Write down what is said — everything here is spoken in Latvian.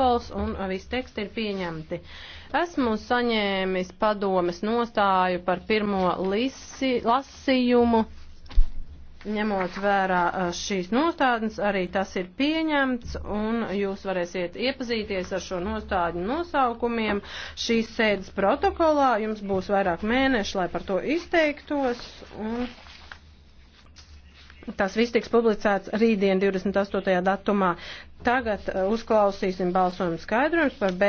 protokols un visi teksti ir pieņemti. Esmu saņēmis padomes nostāju par pirmo lisi, lasījumu. Ņemot vērā šīs nostādnes, arī tas ir pieņemts, un jūs varēsiet iepazīties ar šo nostādņu nosaukumiem. Šīs sēdes protokolā jums būs vairāk mēneši, lai par to izteiktos. Un... Tas viss tiks publicēts rītdien 28. datumā. Tagad uh, uzklausīsim balsojumu skaidrojumus par B